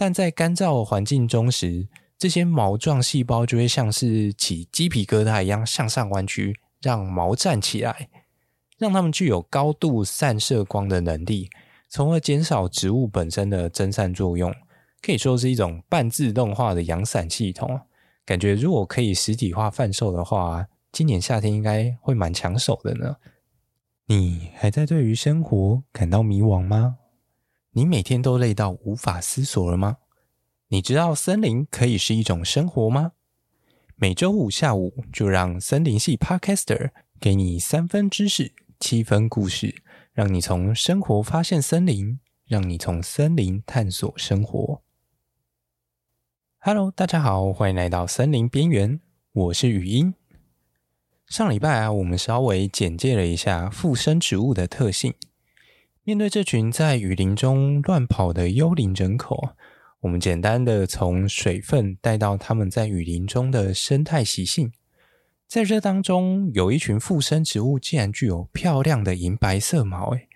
但在乾燥環境中時，這些毛狀細胞就會像是起雞皮疙瘩一樣向上彎曲，讓毛站起來，讓它們具有高度散射光的能力，從而減少植物本身的蒸散作用。可以說是一種半自動化的陽傘系統。感覺如果可以實體化販售的話，今年夏天應該會蠻搶手的呢。你還在對於生活感到迷惘嗎？你每天都累到無法思索了嗎？你知道森林可以是一種生活嗎？每周五下午就讓森林系 podcaster 給你三分知識，七分故事，讓你從生活發現森林，讓你從森林探索生活。Hello，大家好，歡迎來到森林邊緣，我是語音。上禮拜啊，我們稍微簡介了一下附生植物的特性。面對這群在雨林中亂跑的幽靈人口，我們簡單的從水分帶到它們在雨林中的生態習性。在這當中，有一群附生植物竟然具有漂亮的銀白色毛，哎，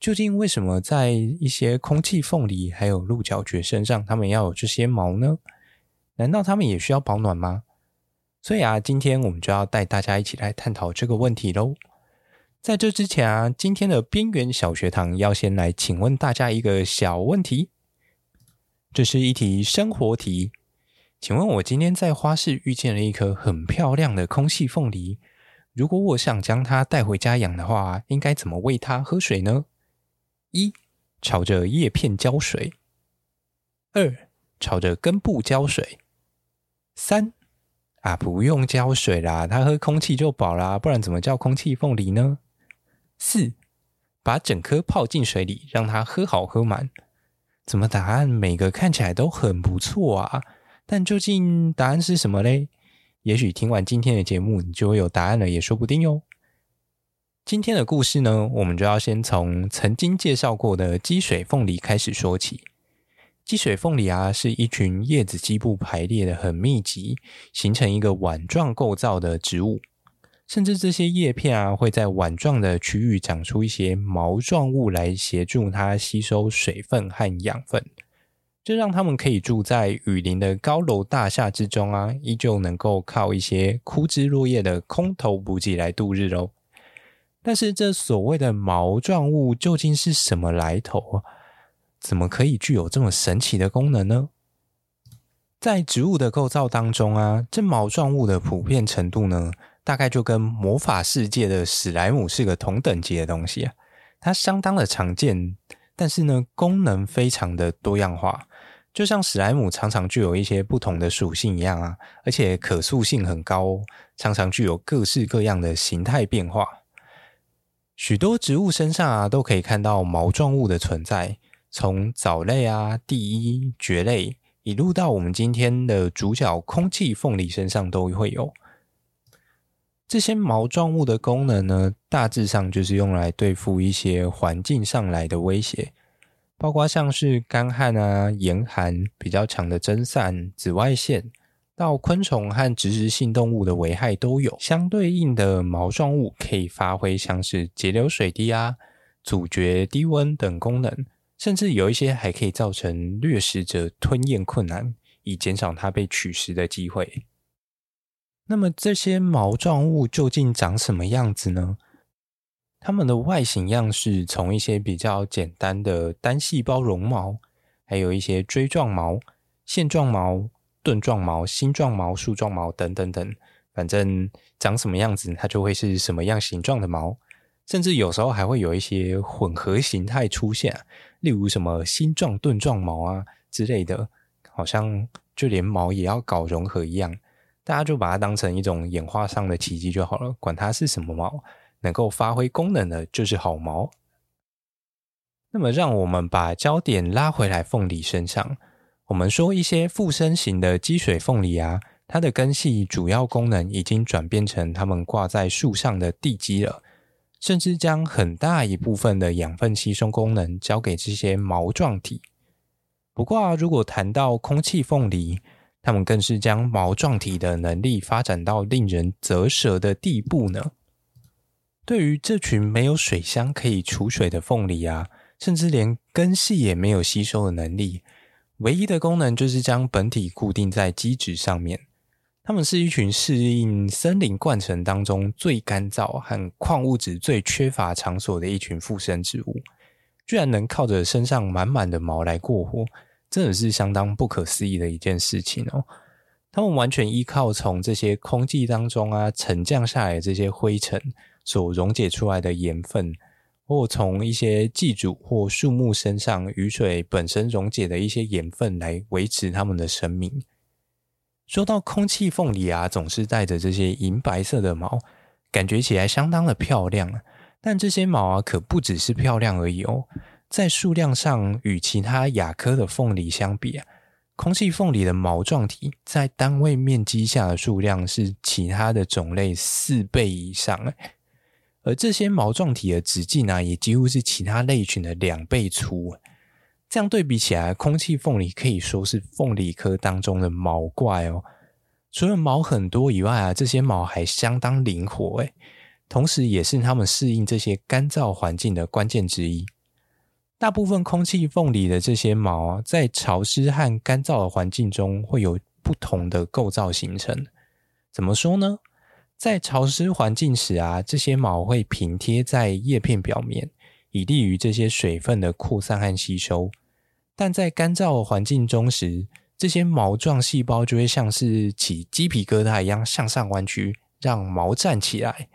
究竟為什麼在一些空氣鳳梨還有鹿角蕨身上，它們要有這些毛呢？難道它們也需要保暖嗎？所以啊，今天我們就要帶大家一起來探討這個問題嘍。在這之前啊，今天的邊緣小學堂要先來請問大家一個小問題。這是一題生活題，請問我今天在花市遇見了一顆很漂亮的空氣鳳梨，如果我想將它帶回家養的話，應該怎麼餵它喝水呢？一，朝着葉片澆水；二，朝着根部澆水；三，啊，不用澆水啦，它喝空氣就飽啦，不然怎麼叫空氣鳳梨呢？四，把整顆泡進水裡，讓它喝好喝滿。怎麼答案？每個看起來都很不錯啊，但究竟答案是什麼嘞？也許聽完今天的節目，你就會有答案了，也說不定喲。今天的故事呢，我們就要先從曾經介紹過的積水鳳梨開始說起。積水鳳梨啊，是一群葉子基部排列的很密集，形成一個碗狀構造的植物。甚至這些葉片啊，會在碗狀的區域長出一些毛狀物來協助它吸收水分和養分，這讓他們可以住在雨林的高樓大廈之中啊，依舊能夠靠一些枯枝落葉的空投補給來度日哦。但是，這所謂的毛狀物究竟是什麼來頭啊？怎麼可以具有這麼神奇的功能呢？在植物的構造當中啊，這毛狀物的普遍程度呢？大概就跟魔法世界的史萊姆是個同等級的東西啊，它相當的常見，但是呢，功能非常的多樣化，就像史萊姆常常具有一些不同的屬性一樣啊，而且可塑性很高哦，常常具有各式各樣的形態變化。許多植物身上啊，都可以看到毛狀物的存在，從藻類啊、地衣、蕨類，一路到我們今天的主角空氣鳳梨身上都會有。這些毛狀物的功能呢，大致上就是用來對付一些環境上來的威脅，包括像是乾旱啊、嚴寒、比較強的蒸散、紫外線，到昆蟲和植食性動物的危害都有相對應的毛狀物可以發揮，像是截留水滴啊、阻絕低溫等功能，甚至有一些還可以造成掠食者吞嚥困難，以減少它被取食的機會。那麼這些毛狀物究竟長什麼樣子呢？它們的外形樣式從一些比較簡單的單細胞絨毛，還有一些錐狀毛、線狀毛、盾狀毛、星狀毛、樹狀毛等等等，反正長什麼樣子，它就會是什麼樣形狀的毛。甚至有時候還會有一些混合形態出現，例如什麼星狀盾狀毛啊之類的，好像就連毛也要搞融合一樣。大家就把它當成一種演化上的奇蹟就好了，管它是什麼毛，能夠發揮功能的就是好毛。那麼，讓我們把焦點拉回來鳳梨身上。我們說一些附生型的積水鳳梨啊，它的根系主要功能已經轉變成它們掛在樹上的地基了，甚至將很大一部分的養分吸收功能交給這些毛狀體。不過啊，如果談到空氣鳳梨，它們更是將毛狀體的能力發展到令人咋舌的地步呢。對於這群沒有水箱可以儲水的鳳梨啊，甚至連根系也沒有吸收的能力，唯一的功能就是將本體固定在基質上面。它們是一群適應森林冠層當中最乾燥和礦物質最缺乏場所的一群附生植物，居然能靠着身上滿滿的毛來過活。真的是相當不可思議的一件事情哦！他們完全依靠從這些空氣當中啊沉降下來的這些灰塵所溶解出來的鹽分，或從一些寄主或樹木身上雨水本身溶解的一些鹽分來維持他們的生命。說到空氣鳳梨啊，總是帶着這些銀白色的毛，感覺起來相當的漂亮。但這些毛啊，可不只是漂亮而已哦。在數量上與其他亞科的鳳梨相比啊，空氣鳳梨的毛狀體在單位面積下的數量是其他的種類四倍以上、欸。而這些毛狀體的直徑呢、啊，也幾乎是其他類群的兩倍粗。這樣對比起來，空氣鳳梨可以說是鳳梨科當中的毛怪哦、喔。除了毛很多以外啊，這些毛還相當靈活誒、欸，同時也是它們適應這些乾燥環境的關鍵之一。大部分空氣鳳梨的這些毛啊，在潮濕和乾燥的環境中會有不同的構造形成。怎麼說呢？在潮濕環境時啊，這些毛會平貼在葉片表面，以利於這些水分的擴散和吸收；但在乾燥的環境中時，這些毛狀細胞就會像是起雞皮疙瘩一樣向上彎曲，讓毛站起來，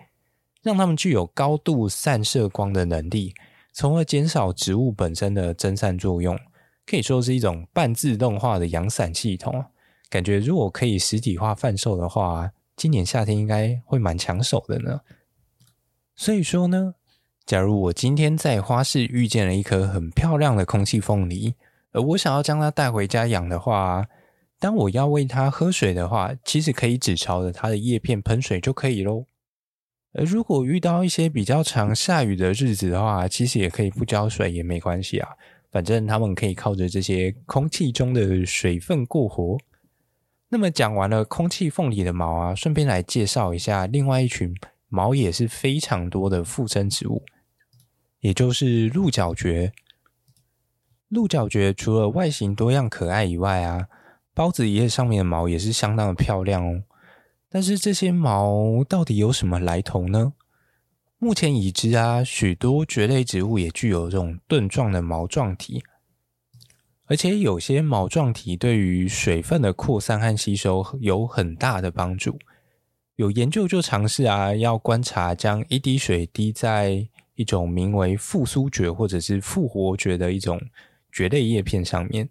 讓它們具有高度散射光的能力。從而減少植物本身的蒸散作用，可以說是一種半自動化的陽傘系統。感覺如果可以實體化販售的話，今年夏天應該會蠻搶手的呢。所以說呢，假如我今天在花市遇見了一棵很漂亮的空氣鳳梨，而我想要將它帶回家養的話，當我要餵它喝水的話，其實可以只朝着它的葉片噴水就可以嘍。而如果遇到一些比較常下雨的日子的話，其實也可以不澆水也沒關係啊，反正它們可以靠着這些空氣中的水分過活。那麼講完了空氣鳳梨的毛啊，順便來介紹一下另外一群毛也是非常多的附生植物，也就是鹿角蕨。鹿角蕨除了外形多樣可愛以外啊，孢子葉上面的毛也是相當的漂亮哦。但是這些毛到底有什麼來頭呢？目前已知啊，許多蕨類植物也具有這種盾狀的毛狀體，而且有些毛狀體對於水分的擴散和吸收有很大的幫助。有研究就嘗試啊，要觀察將一滴水滴在一種名為復甦蕨或者是復活蕨的一種蕨類葉片上面。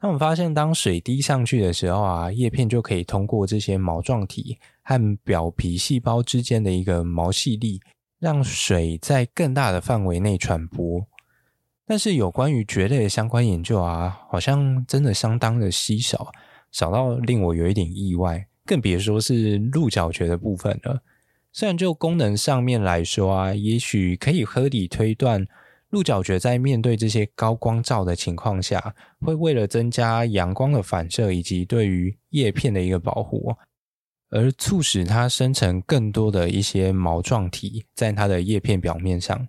那我們發現，當水滴上去的時候啊，葉片就可以通過這些毛狀體和表皮細胞之間的一個毛細力，讓水在更大的範圍內傳播。但是有關於蕨類的相關研究啊，好像真的相當的稀少，少到令我有一點意外，更別說是鹿角蕨的部分了。雖然就功能上面來說啊，也許可以合理推斷。鹿角蕨在面對這些高光照的情況下，會為了增加陽光的反射以及對於葉片的一個保護，而促使它生成更多的一些毛狀體在它的葉片表面上。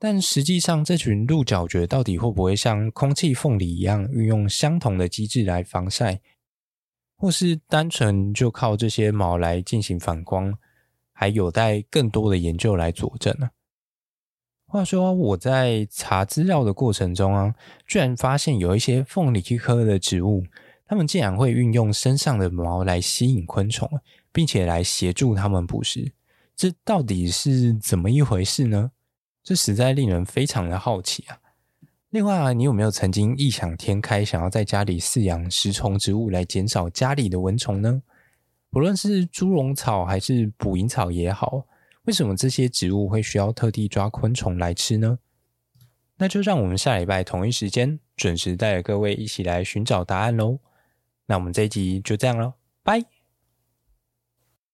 但實際上，這群鹿角蕨到底會不會像空氣鳳梨一樣運用相同的機制來防曬，或是單純就靠這些毛來進行反光，還有待更多的研究來佐證呢？話說我在查資料的過程中啊，居然發現有一些鳳梨科的植物，它們竟然會運用身上的毛來吸引昆蟲，並且來協助它們捕食。這到底是怎麼一回事呢？這實在令人非常的好奇啊。另外啊，你有沒有曾經異想天開，想要在家裡飼養食蟲植物來減少家裡的蚊蟲呢？不論是豬籠草還是捕蠅草也好。為什麼這些植物會需要特地抓昆蟲來吃呢？那就讓我們下禮拜同一時間準時帶着各位一起來尋找答案嘍。那我們這一集就這樣嘍，拜。